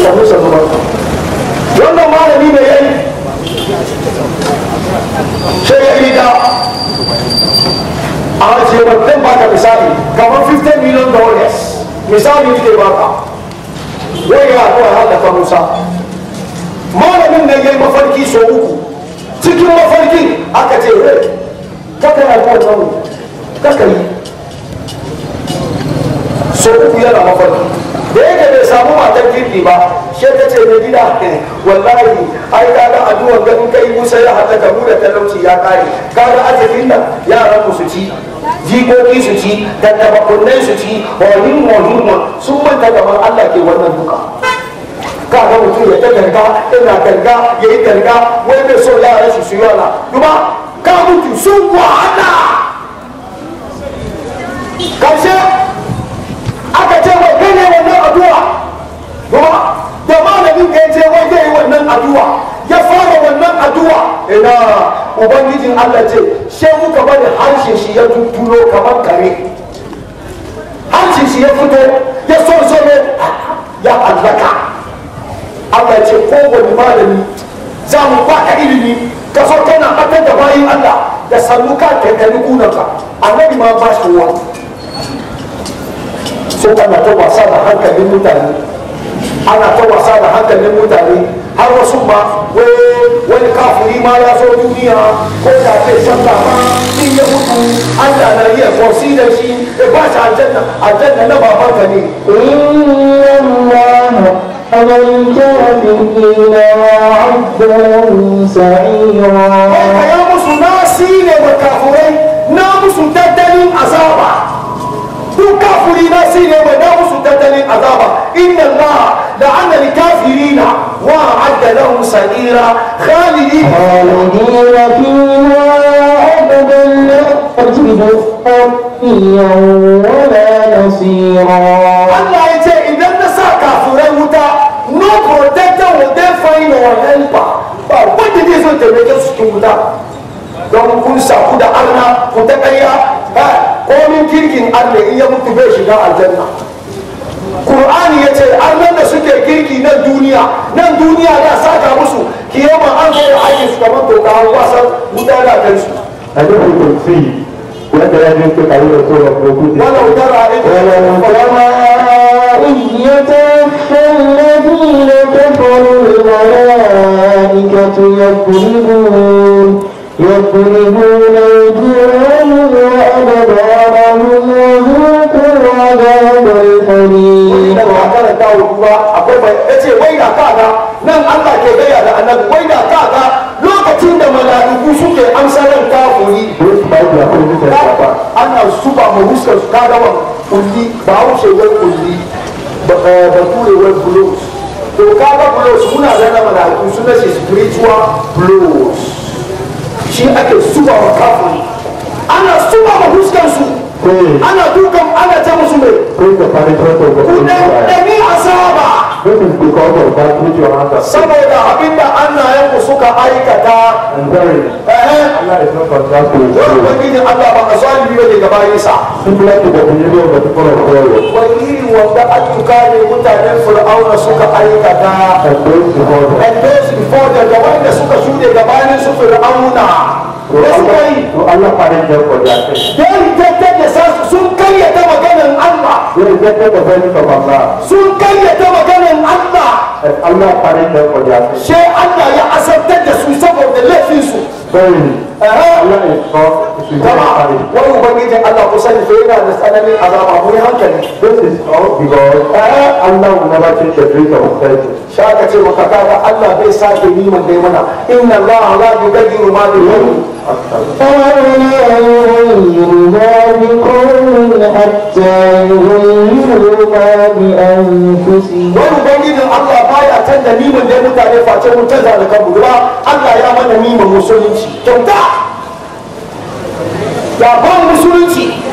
sannu sannu ba wannan malami mai yayi sai ya rida a ce wannan ba ka misali kamar 15 million dollars misali ke baka wai ya ko halaka Musa malamin nan yayi mafarki so uku cikin mafarkin aka ce rai kaka na ko tawo kaka yi so uku yana mafarki da yake bai samu matar kirki ba shi ta ce mai gida wallahi ai ka ga addu'an ganin kai musa ya hada ka mu da talauci ya kare ka ga azabin nan yaran mu su ci jikoki su ci dattabakunnai su ci horin horin sun manta gaban allah ke wannan duka ka ga mutum ya ta ganga ina ganga ya yi ganga wai bai so yaran su su yi wala duba ka mutu sun wahala karshe aka ce wai kai ne wannan addu'a da malamin ka je wai zai yi wannan addu'a ya fara wannan addu'a ina ubangijin Allah ce sai muka bari harshe shi ya tuttulo kamar kare harshe shi ya fito ya ne ya hallaka Allah ce ko da malami za mu baka ilimi ka so kana ɓatar da bayin Allah da sanuka ka kai ɗari ka annabi ma ba shi wani sai ana ta wasa da hankalin mutane ana ta wasa da hankalin mutane har wasu ba wani kafiri ma ya zo duniya ko da ce canza ma in ya mutu allah na iya fosi da shi ya ba shi aljanna aljanna na babanka ne فمن كان musu عبدا سعيرا يا مسلم ناسين وكافرين ناموس تدلين أصابع su kafirina shi ne mai na musu tattalin azaba inna Allah la'ana likafirina wa adda lahum sa'ira khalidina khalidina fiha abadan la tajidu qatiyan wala nasira Allah ya ce idan na sa kafirai wuta no protector will then find our helper ba wanda zai zo taimake su cikin wuta don kun saku da arna ku ta ƙarya komin kirkin Allah in ya mutu bai shiga aljanna Qur'ani ya ce annan da suke kirki nan duniya nan duniya da saka musu kiyama an zo aikin su kamar toka an wasan wuta da kansu Hadithul Qudsi wanda ya je ta kai da tsoron lokaci wala udara ita wala yatawaffa alladhina kafaru الملائكة يضربون يضربون وجوههم وأدبارهم عذاب الحريق yace wai da kaka nan Allah ke gaya da annabi wai da kaka lokacin da mala'iku suke amsa nan kafuri ana suba ma huskar su kaga wa kulli ba wuce wai kulli bature eh, wai blues to kaga blues muna zana mala'iku suna shi spiritual blues shi ake suba wa kafuri ana huskar su ana dukan ana ce musu ne ku asaba saboda abinda annayenku suka aikata ubangijin allah ba ka zalimi ba ne ga bayansa wani wanda an tuka ne mutanen fir'auna suka aikata and those before them da wanda suka shuɗe gabanin su fir'auna da allah farin da karyata sun karyata maganan Allah sun karyata maganan Allah eh, Allah farin da kwaja she Allah ya asabtar da su saboda laifin su wai ubangiji Allah ku sani fa yana da tsananin azaba mu hankali this is all because Allah will never take the drink of offense shaka ce maka kaga Allah bai sake yi mun dai mana inna Allah la yughayyiru ma bi قالوا لا يرضى حتى يغيروا ما بأنفسهم وبنجد الله baya can da niman da mutane face mun canza da kanmu kuma Allah ya mana niman musulunci kyauta da ban musulunci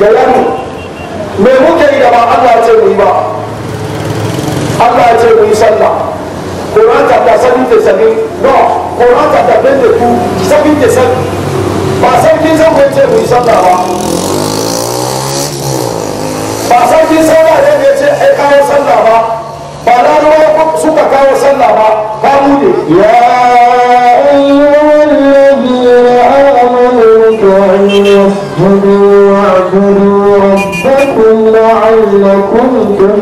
da wani mai muke yi da ba Allah ce mu yi ba Allah ce mu yi sallah Quran ta ta sabin chapter 77 no Quran ta ta bende ku sabin 22 77 ba san kin san ko ce mu yi sallah ba ba san kin san ba ne ce ai kawo sallah ba ba da ruwa suka kawo sallah ba ka mu ne ya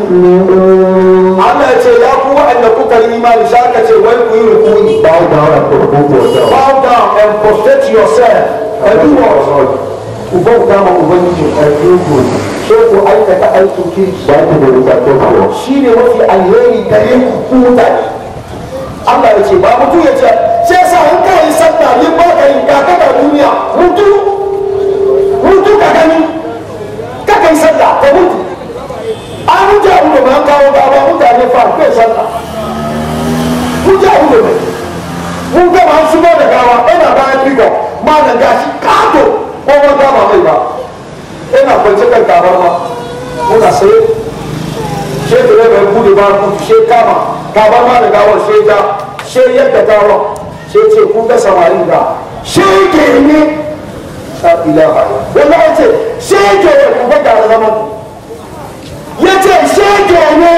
تسمعون Allah ce ya ku waɗanda kuka yi imani za ka ce wai ku yi rukuni bow down and provoke yourself bow down and prostrate yourself ka yi wa ku bau dama ubangiji a rukuni so ku aikata aikin kirki ba ku da rukatun kuwa shi ne mafi alheri gare ku mutane Allah ya ce ba mutum ya ce sai sa in yi sallah ni ba ka yi kaka da duniya mutu mutu ka gani ka kai sallah ka mutu an hujja hudu ba an kawo ba ba mutane fa kai sallah hujja hudu ne mun gama an shigo da gawa ina bayan rigo na gashi kato ko ma gama mai ba ina kwance kan tabar ma muna sai shekare bai bude ba kudu she kama tabar ma da gawar she ja she yadda gawar she ce kun ga samarin da she ke ne ta ilaha wallahi ce she ke ku ga zaman ya ce shege ne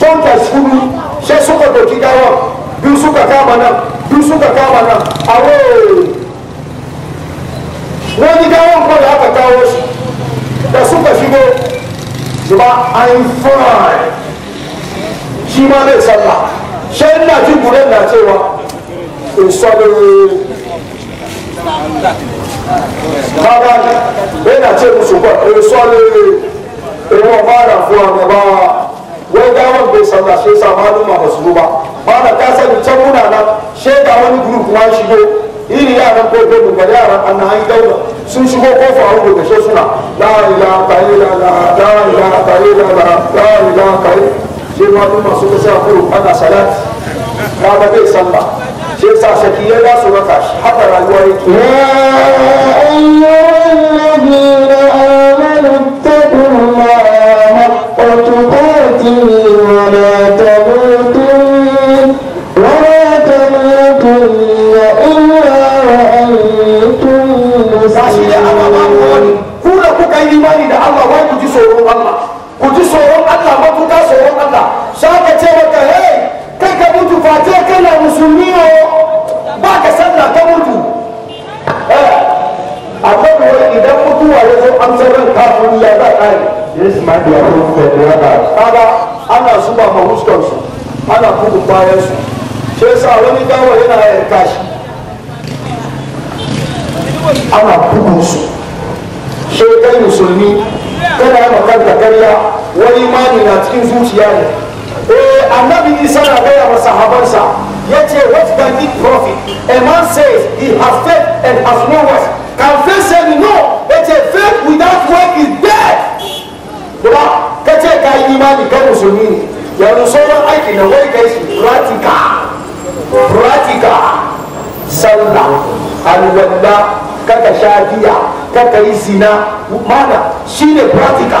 bankas hudu sai suka doki gawa biyu suka kama nan biyu suka kama nan a wani gawan ko da aka kawo shi da suka shigo ba an fara shi ma zai sallah shai na ji guren na cewa in sabi kaga yana ce musu ba in sabi kuma ba na zuwa gaba wai gawan bai sallah shi sa maluma ba su ba mana ta sani can muna nan shaida wani group ma shigo iri yaran ko gobe ga yaran an na yi dauda sun shigo kofa a rubuta shi suna la ilaha illa la la ilaha illa la la ilaha illa sai maluma suka sa kuru ana salat ka ga bai sallah shi saki ya za su raka shi haka rayuwa yake ya ayyuhal amanu tsoron Allah sa ka ce maka hey kai ka mutu face kana musulmi o ba ka sallah ka mutu eh, akwai ruwa idan mutuwa ya zo amsar ran kafin ya ka yes my dear ana zuba ma huskar su ana bugun bayan su wani gawa yana yanka shi ana bugun su musulmi kana yi makarta karya wani imani na cikin zuciya ne eh annabi isa na gaya wa sahabansa ya ce what can it profit a man says he has faith and has no works can faith say no ya ce faith without work is dead kuma ka ce ka yi imani ka musulmi ne yanzu sauran aiki na wai kai shi pratika pratika sanda alwala kaka shafiya kaka yi sina mana shine pratika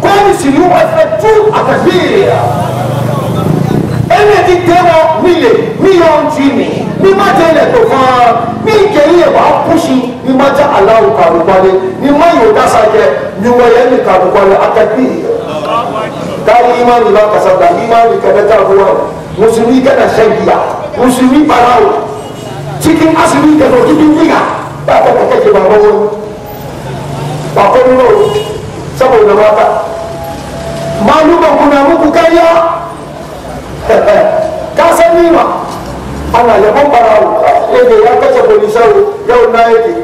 kwani siliwasa tu atafiria ene ditema mile miyonjini mimatele tofaa minkeliye bapushi mimaja alahu karukwale mimayodasake miwayeni karukwale atafiria dari imani ba kasabda imani kadata ruwa musulmi kana shagiya musulmi barawo cikin asibi da zoki bindiga ba ka kake ba ba ko ba ko saboda mata maaluma kuna muku kaya kasa nima ana yabon barawo ede ya kace polisawo yau na yake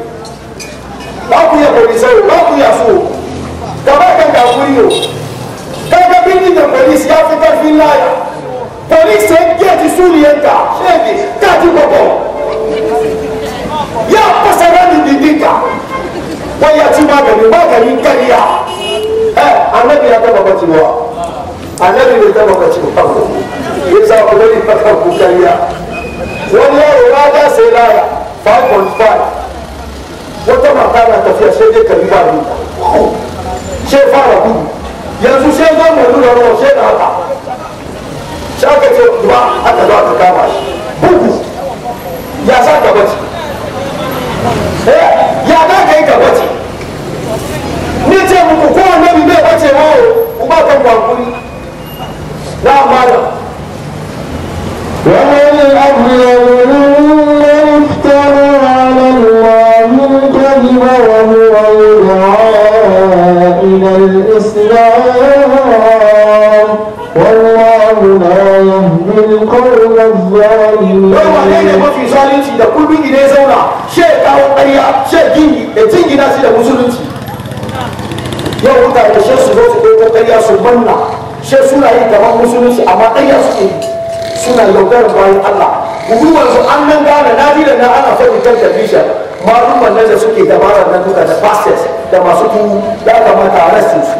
ba ku ya polisawo ba ku ya so gaba kan ka kuri yo kaga bindi da polis ya fi karfin laya polis ta yake ti suriyanka shege ta ti gbogbo ya fasara ni didinka wai ya ci magani maganin kariya Eh, annabi ya taba kwacewa annabi bai taba kwacewa farko ya sa ku bari fasar ku kariya wani yaro ya ga sai laya 5.5 wata mata na tafiya sai dai kari ba ni sai fara gudu yanzu sai zo mai nuna ruwa shi suna yi gaban musulunci amma ɗaya suke suna yaudarar bayan Allah hukumar su an nan gane na da na ana faɗi kan tafisha malumman nan da suke dabara nan duka da pastors da masu tuhu da aka mata arrestin su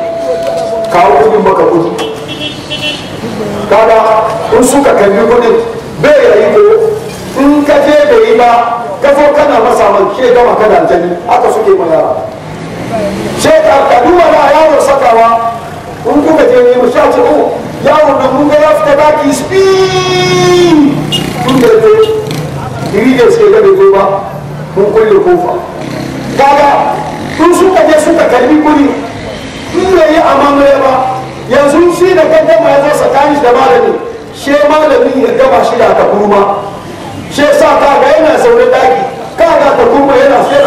kawo kudin baka kudi kaga in suka kalli kudin bai yayi ko in ka je bai yi ba ka zo kana masa man ke gama kana jani haka suke mana shekar ka duba na yaro sakawa in kuka je ne mu sha ce oh yawon nan mun ga ya fita daki speed tun da zo irigar sai ga zo ba mun kulle kofa kaga tun suka je suka karbi guri in bai yi amamaya ba yanzu shi da gaggama ya zo tsakanin da malami she malami ya gaba shi da takurma she sa kaga yana saurin daki kaga ta takurma yana sai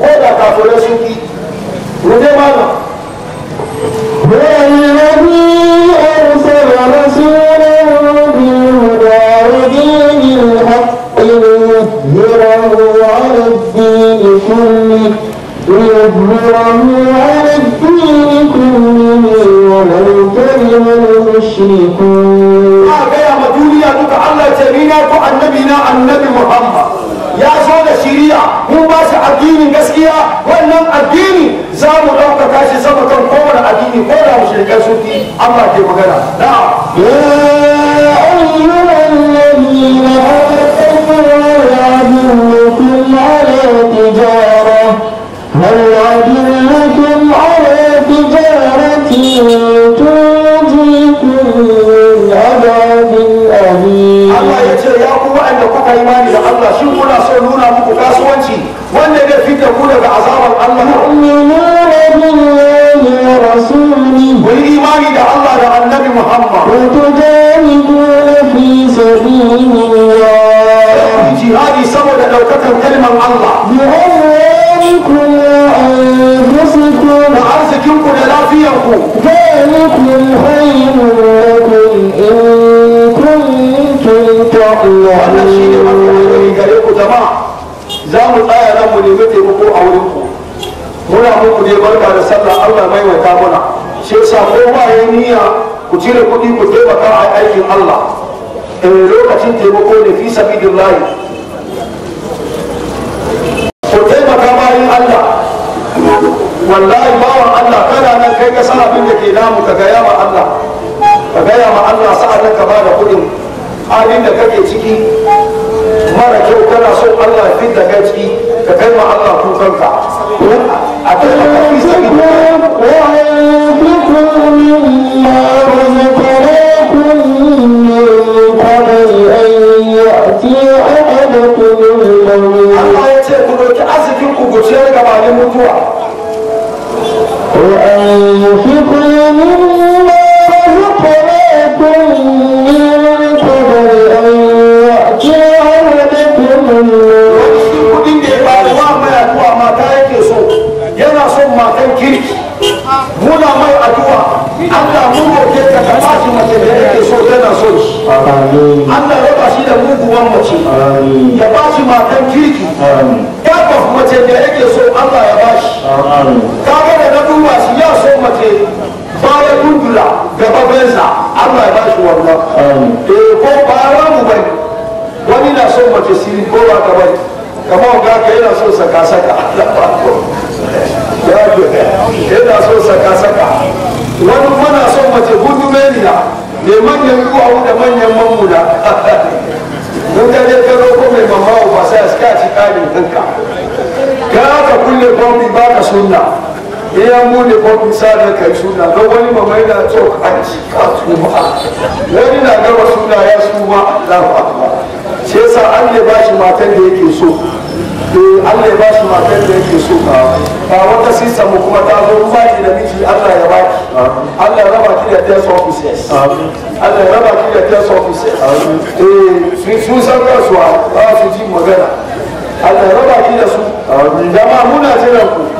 ko da kafirai sun ki mu dai mana والذي أرسل رسولا بالهدى ودين الحق ليظهره على الدين كله ليظهره على الدين كله ولو كره المشركون. ما آه، قيام الدنيا تتعلق بنا وعن نبينا النبي محمد. يا زود الشريعة مو بس أديني قسكيا ولا أديني زام الأوقة كاش زام كم قمر أديني قولا وشركة سوتي أما كيف قلنا نعم. لا يا أيها الذين أعلمكم على تجارة هل أدلكم على تجارة تنجيكم da kuka imani da Allah shi kuna so nuna muku kasuwanci wanda zai fita ku daga azabar Allah ku yi imani da Allah da annabi Muhammad jihadi saboda ɗaukakar kalmar Allah da arzikinku da lafiyarku ذلكم خير لكم إن wannan shi ne mafi alheri gare ku jama'a za mu tsaya nan mu nemi taimako a wurin ku muna muku ne barka da sallah Allah mai wata muna shi yasa ko ba ya niyya ku cire kuɗi ku taimaka a aikin Allah eh, lokacin taimako ne fi sabidillahi ku taimaka bayan Allah wallahi bawan Allah kana nan kai ka san abin da ke damu ka gaya ma Allah ka gaya ma Allah sa'an ka ba da kuɗin halin da kake ciki mara kyau kana so Allah ya fita kai ciki ka kai ma Allah kukanka mace baya gurgura gababensa allah ya bashi wannan eh ko ba ramu bai wani na son mace siri ko ba ta bai kama ga ka yana son saka saka yana son saka saka wani mana son mace gudu meniya ne manyan duwawu da manyan mamuda mun ka ne ka roƙo mai mamawa ba sai a ci ƙarin kanka ka ka kulle bambi ba ka sunna iyan bude kofin sa da kai suna don wani mamai da tsok an ci ka tuma wani na gaba suna ya suma allahu a shi yasa allah ya bashi matan da yake so an ne ba shi matan da yake so ka eh, ba wata sisa mu kuma ta zo ba ki da miji Allah ya baki Allah ya raba ki da test officers Allah ya raba ki da test officers eh sun san kasuwa ba su ji magana Allah ya raba ki da su jama'a muna jiran ku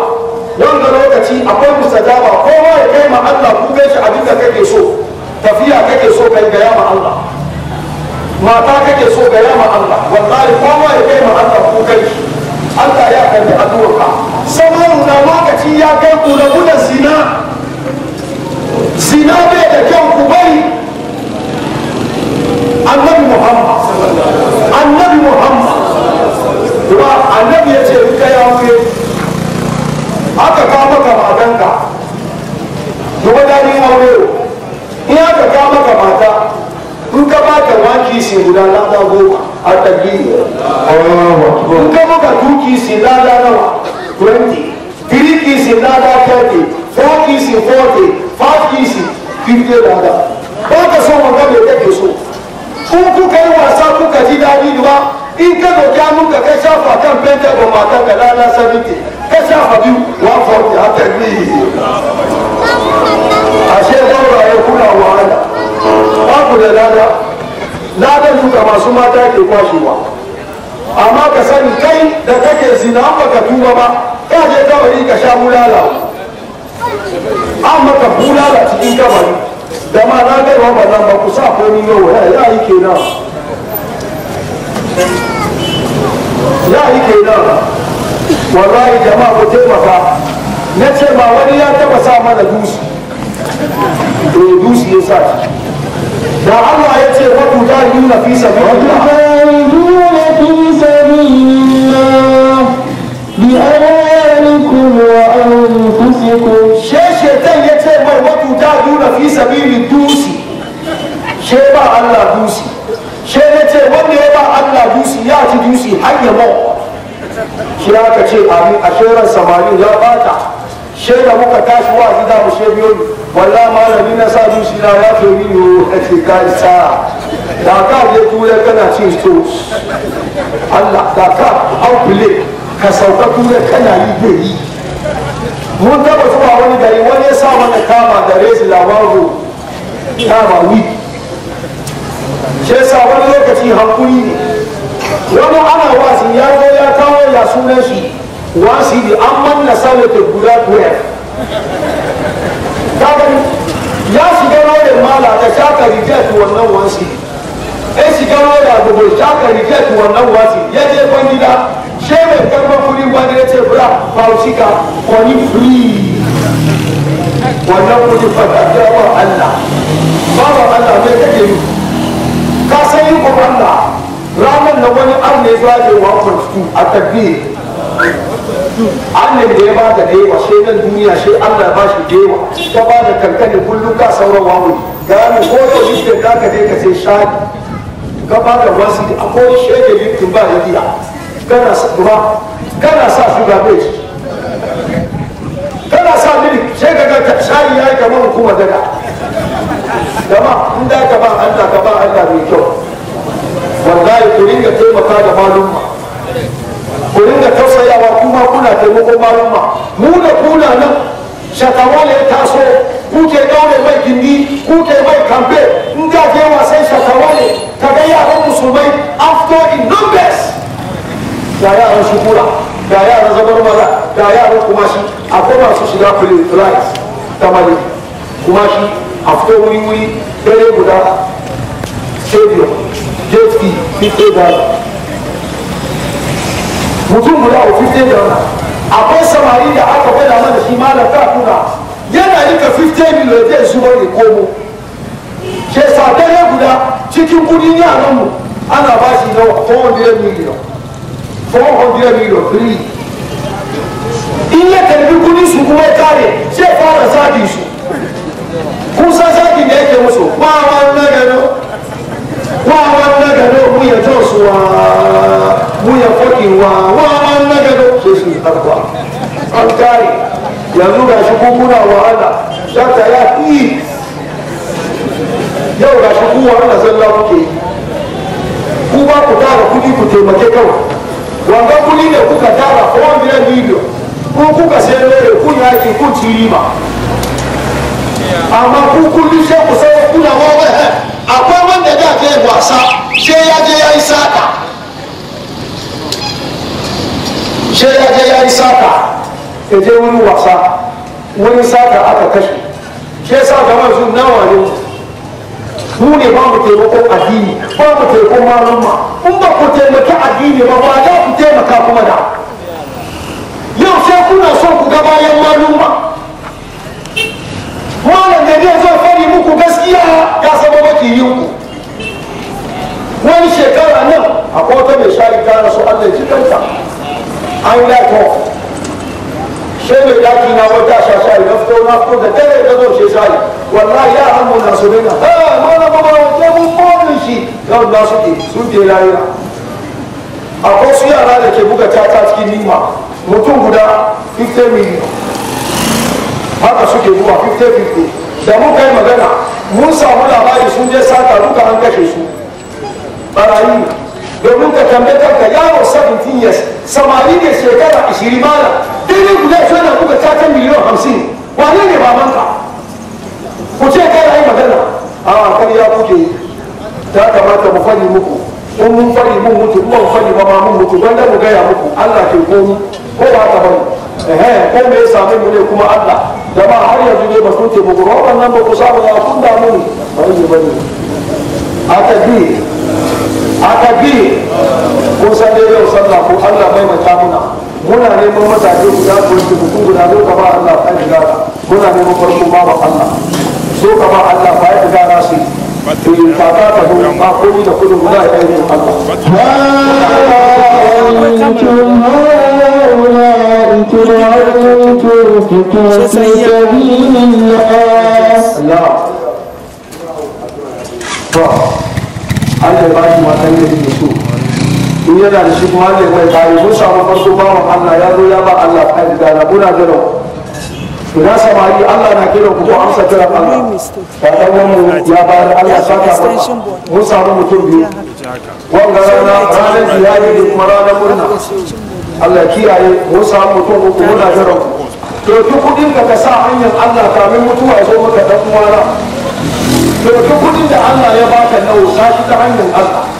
wanda lokaci akwai mustajaba kowa ya kai ma Allah ku gaishe abin da kake so tafiya kake so kai gaya ma Allah mata kake so gaya ma Allah wallahi kowa ya kai ma Allah ku gaishe kwashewa amma ka sani kai da kake zina an baka tuba ba ka je kabari ka sha bulala an maka bulala cikin kabari da ma na gaiwa ba nan ba ku sa komi yau ya yi kenan ya yi kenan wallahi jama'a ku taimaka na ce ma wani ya taba sa mana dusu to eh, dusu ya sa da Allah ya ce ta yi na fi sabilillah في سبيل الله بأموالكم وأنفسكم شاشتين يتبر وتجاهدون في سبيل الدوس شيبا الله دوسي شيبا وندبا الله دوسي يأتي دوسي حي موت shi aka ce amin a shirin samarin ya bata shi da muka tashi wa gida mu shi biyu wallah malami na sa zuci na da ka je ya kana cin so allah da ka outplay ka sauka tura kana yi bai yi mun taba zuwa wani gari wani ya sa mana kama da rezi labaru kama wi shi sa wani lokaci hankuri ne wani ana wasi ya zo ya kawo ya sunan shi wasi ne an manna sanata guda 12 ya shiga rawar mala ta shaka rijiyar wannan wasi ya shiga roda gudu shaka riket wannan wasi ya je kwan gida she mai karfa kuri wani ya ce bra bauchika kwani free wannan kudi fata ya ba Allah ba ba Allah mai kake yi ka san yi kuma Allah ranar na wani an ne zuwa ne 1.2 a tabbiyar ne da ya ba da dewa shi nan duniya shi allah ba shi dewa ta ba da kankani kullum ka sauran wawuri ga ko da shi da ka je ka ce shadi gaba da wasi a akwai shege yin tuba ya biya gana sa tuba gana sa shuga bai gana sa mini shega ka ga shayi ya yi gama hukuma daga dama in da ka ba Allah ka ba Allah mai kyau wallahi ku ringa taimaka da malumma ku ringa tausayawa kuma kuna taimakon malumma mu da kuna nan shakawa ne ya taso kuke gane mai gindi kuke mai kamfe in da ke wasan shakawa ne ka ga yaran musulmai after in numbers ga yaran shukura ga yaran zabar maza ga yaran kumashi akwai masu shiga flight ta mali kumashi after wuri wuri dare guda stadium jet fee 50 dollar mutum guda a 50 dollar akwai samari da aka gwada mana shi malam ta tura yana rika 50 miliyan zai zuwa ne komo ke sa dare guda cikin kudin yaran mu ana ba shi na 400 million 400 million free in ya karbi kudin su kuma ya kare sai fara zagin su kusa zagin da yake musu ba wannan gano ba wannan gano mu ya wa mu ya fakiwa wa wannan gano sai su harba an kare yanzu ga shi kuna wahala shaka ya fi shi ku wannan zalla kuke yi ku ba ku tara kuɗi ku taimake kawai wanda kuɗi ne kuka tara ko miliyan miliyan ko kuka sai lere kun yaki kun ci riba amma ku kulli sai ku sai kuna ma wai akwai wanda da ke wasa sai ya je ya yi sata sai ya je ya yi sata ya je wani wasa wani sata aka kashe sai sa gaban su nawa ne mu ne ba mu taimako addini ba mu taimako ma in ba ku taimaki addini ba ba za ku taimaka kuma da yau sai kuna so ku ga bayan malumma wala da ne zai fari muku gaskiya ya zama ku wani shekara nan a kota mai shari na su allah jikanta an yi shi mai daki na wata shashari na fito na fito da dare da zo shi sai wallahi ya hamu na su bina ha eh, mana ba ba ke mun bonin shi ga wanda su ke rayuwa akwai su yara da ke buga tata cikin nima mutum guda 50 million haka suke buga 50-50 da muka yi magana mun samu labari sun je sata duka an kashe su barayi domin ka tambaye kanka yaro 17 years samari ne shekara 20 malam fili guda ya sanar kuka caca miliyan hamsin wane ne babanka ku ce ka yi magana a kan ya kuke ta kamata mu fari muku in mun fari mun mutu kuma mun fari ba ma mun mutu wanda mu gaya muku Allah ke komi ko ba ta bari ehe ko me ya same mu ne kuma Allah da ba har yanzu ne ba su ke muku roƙon nan ba ku samu ya kun da mun ba ne ba ne aka bi aka bi ko san dai yau sallah ko Allah bai mata muna muna neman mazaje guda ko su mutum guda zo ka ba Allah ka ji gara muna neman farko ma ba Allah so ka ba Allah ba ya gara su in kaka ka zo ba ko ni da kudin guda ya yi Allah Allah ya ba shi matan da yake in yana da shi kuma ne mai bayi mun samu farko bawan Allah ya zo ya ba Allah kai da na muna jira ina samari Allah na kira ku ko amsa kira Allah ba dan wannan ya ba Allah saka ba mun samu mutum biyu wanga rana ranar ziyari da kuma ranar murna Allah kiyaye mun samu mutum ku muna jira ku to duk kudin da ka sa hanyar Allah kamin mutuwa ya zo maka dan kuma to duk kudin da Allah ya baka nawo sashi ta hanyar Allah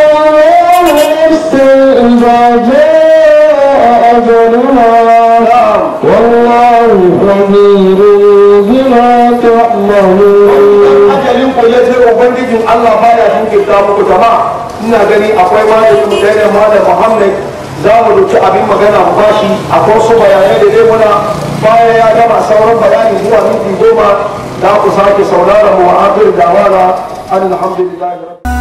ajalin ku ya ce ubangijin Allah baya jinkirta muku jama'a ina gani akwai malam Hussein malam Muhammad za mu duki abin magana mu bashi akwai su bayanai da zai muna baya ya gama sauran bayani zuwa minti goma za ku sake saurara mu a akhir dawana alhamdulillah